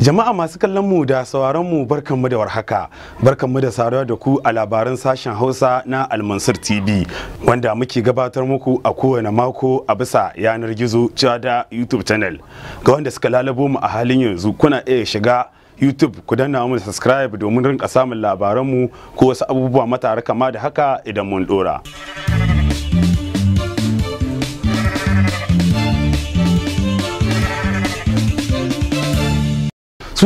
Jama'a masu kallon mu da sauraron mu barkanmu da warhaka. Barkanmu da saruwa da ku a labaran sashen Hausa na Almansur TV wanda muke gabatar muku a kowane mako a bisa yanar gizo cewa da YouTube channel. Ga wanda suka lalabo mu a halin yanzu kuna iya shiga YouTube ku danna mu subscribe domin rinka samun labaran mu ko wasu abubuwa matara kama da haka idan mun dora.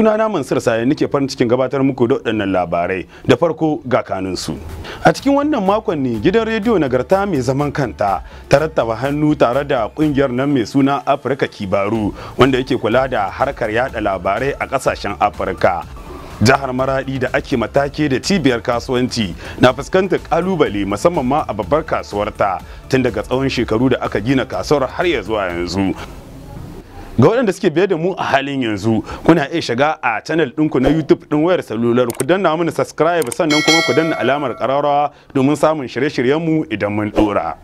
sunana mansur sayan nake farin cikin gabatar muku da waɗannan labarai da farko ga kanunsu a cikin wannan makon ne gidan rediyo nagarta mai zaman kanta ta rattaba hannu tare da ƙungiyar nan mai suna afirka kibaru wanda yake kula da harkar yada labarai a ƙasashen afirka jihar maradi da ake matake da cibiyar kasuwanci na fuskantar kalubale musamman ma a babbar kasuwarta tun daga tsawon shekaru da aka gina kasuwar har ya zuwa yanzu ga waɗanda suke biye da mu a halin yanzu kuna iya shiga a channel ɗinku na youtube ɗin wayar salular ku danna mana subscribe sannan kuma ku danna alamar ƙararrawa domin samun shirye-shiryenmu idan mun ɗora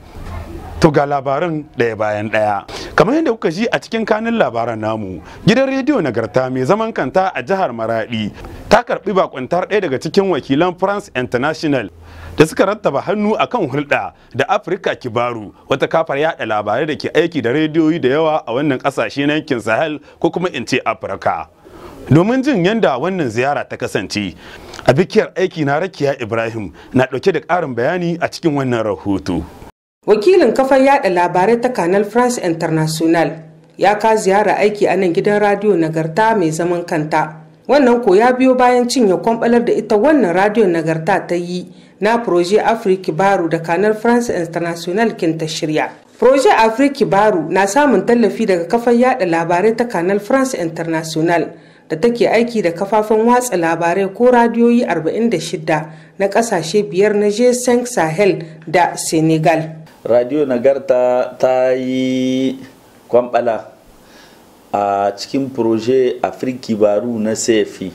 to ga labarin ɗaya bayan ɗaya kamar yadda kuka ji a cikin kanin labaran namu gidan rediyo nagarta mai zaman kanta a jihar maradi ta karbi bakuntar ɗaya daga cikin wakilan france international da suka rattaba hannu a kan hulɗa da afirka kibaru wata kafar yaɗa labarai da ke aiki da rediyoyi da yawa a wannan ƙasashe na yankin sahel ko kuma in ce afirka domin jin yadda wannan ziyara ta kasance a bikiyar aiki na rakiya ibrahim na ɗauke da ƙarin bayani a cikin wannan rahoto wakilin kafar yada labarai ta canal france international ya ka ziyara aiki a nan gidan radiyo nagarta mai zaman kanta wannan ko ya biyo bayan cinye kwambalar da ita wannan radio nagarta ta yi na proje afrique baru da canal france international kinta shirya proje afrique baru na samun tallafi daga kafar yada labarai ta canal france international da take aiki da kafafen watsa labarai ko radiyoyi 46 na kasashe biyar na g sahel da senegal radio nagarta ta yi kwambala a cikin projet afriki baru na sefi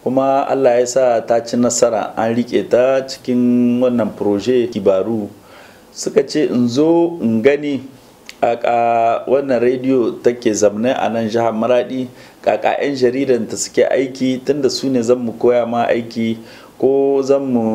kuma allah ya sa ta ci nasara an rike ta cikin wannan projet kibaru suka ce in zo in gani kaka wannan rediyo take zamne a nan jihar maradi kaka 'yan jaridanta suke aiki tunda su ne zan mu koya ma aiki ko zan mu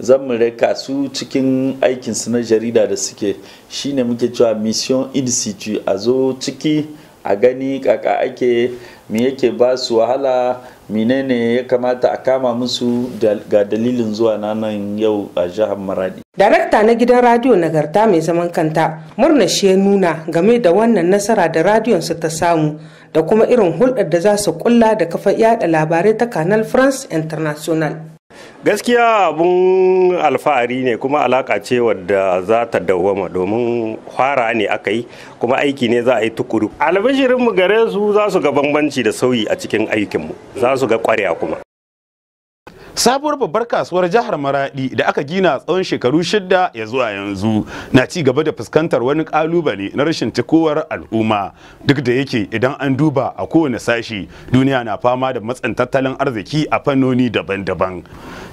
zan mu reka su cikin aikin na jarida da suke shine muke cewa mission in situ a zo ciki a gani kaka ake me yake ba su wahala menene ya kamata a kama musu ga dalilin zuwa na nan yau a jihar maradi darakta na gidan radiyo nagarta mai zaman kanta murna shi ya nuna game da wannan nasara da su ta samu da kuma irin hulɗar da za su kulla da kafa yada labarai ta canal france international gaskiya abun alfahari ne kuma alaka ce wadda za ta dawwama domin fara ne aka yi kuma aiki ne za a yi tukuru albashirinmu gare su za su ga bambanci da sauyi a cikin aikinmu za su ga kwarya kuma sabuwar babbar kasuwar jihar maradi da aka gina tsawon shekaru shida ya zuwa yanzu na ci gaba da fuskantar wani kalubale na rashin cikowar al'umma duk da yake idan an duba a kowane sashi duniya na fama da matsin tattalin arziki a fannoni daban-daban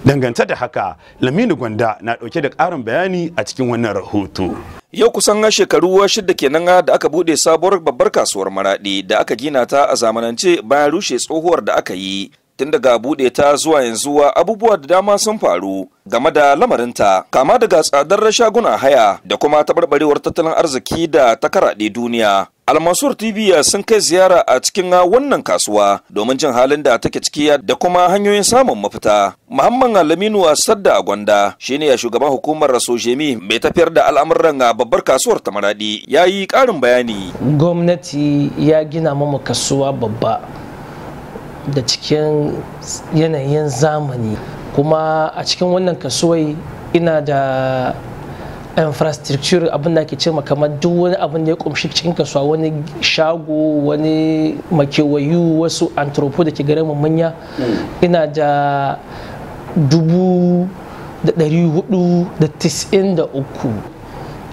dangance da haka lamini gwanda na dauke da karin bayani a cikin wannan rahoto yau kusan shekaru shida kenan da aka bude sabuwar babbar kasuwar maradi da aka gina ta a zamanance bayan rushe tsohuwar da aka yi tun daga buɗe ta zuwa yanzu abubuwa da dama sun faru game da lamarinta kama daga tsadar shaguna haya da kuma taɓarɓarewar tattalin arziki da ta karaɗe duniya almasur tv sun kai ziyara a cikin wannan kasuwa domin jin halin da take ciki da kuma hanyoyin samun mafita muhammad alaminu sadda gwanda shine ya shugaban hukumar sojemi mai tafiyar da al'amuran babbar kasuwar ta ya yi ƙarin bayani gwamnati ya gina mamu kasuwa babba da cikin yanayin zamani kuma a cikin wannan kasuwai ina da infrastructure abin da ke cewa kamar duk wani abin da ya kumshi cikin kasuwa wani shago wani makewayu wasu anthropo da ke garin manya ina da dubu da ɗari hudu da tis'in da uku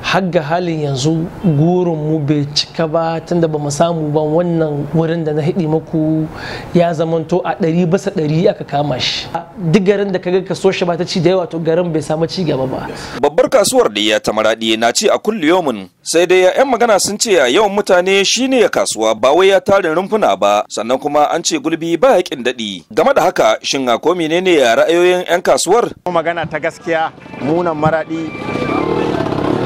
hagga halin yanzu gurin mu bai cika ba tunda ba mu samu ba wannan wurin da na hidi maku ya zamanto a ɗari basa ɗari aka kama shi duk garin da kaga kaso shi ba ta ci da yawa to garin bai samu ci gaba ba babbar kasuwar da ya tamaradi na ci a kulli yomin sai dai yan magana sun ce a yawan mutane shine ya kasuwa ba wai ya tarin rumfuna ba sannan kuma an ce gulbi ba yakin daɗi game da haka shin a ko menene ra'ayoyin yan kasuwar magana ta gaskiya munan maradi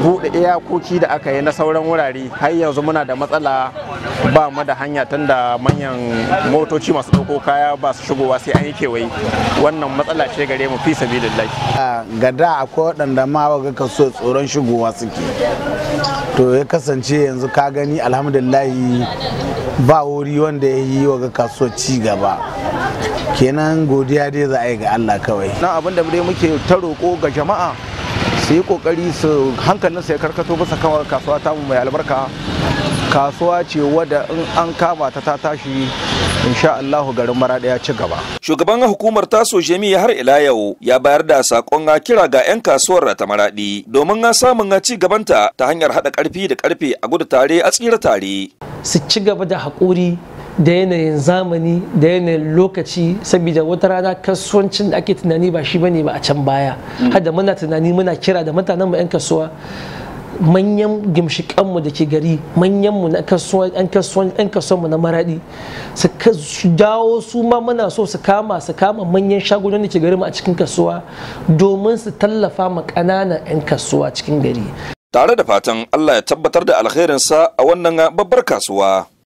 buɗe iyakoki da aka yi na sauran wurare har yanzu muna da matsala ba mu da hanya tun manyan motoci masu ɗauko kaya ba su shigowa sai an yi kewaye wannan matsala ce gare mu fi lai ga da akwai waɗanda ma ga kaso tsoron shigowa suke to ya kasance yanzu ka gani alhamdulillahi ba wuri wanda ya yi wa kasuwar ci gaba kenan godiya dai za a yi ga Allah kawai na abin da muke ta roƙo ga jama'a su yi kokari su hankalin su ya karkato bisa kawar kasuwa ta mai albarka kasuwa ce wadda in an kama ta ta tashi insha Allahu garin mara ya ci gaba. Shugaban hukumar taso jemi har ila yau ya bayar da sakon kira ga 'yan kasuwar ta maraɗi domin a samun ci gabanta ta hanyar haɗa karfi da karfe a gudu tare a tsira tare. Su ci gaba da haƙuri da yanayin zamani da yanayin lokaci saboda wata rana kasuwancin da ake tunani ba shi bane ba a can baya mm. hada muna tunani muna kira da mutanen mu 'yan kasuwa manyan gimshikanmu da ke gari manyanmu na yan kasuwanmu na maradi su dawo su ma muna so su kama su kama manyan shagunan da ke gari mu a cikin kasuwa domin su tallafa ma kananan yan kasuwa cikin gari tare da fatan Allah ya tabbatar da alkhairinsa a wannan babbar kasuwa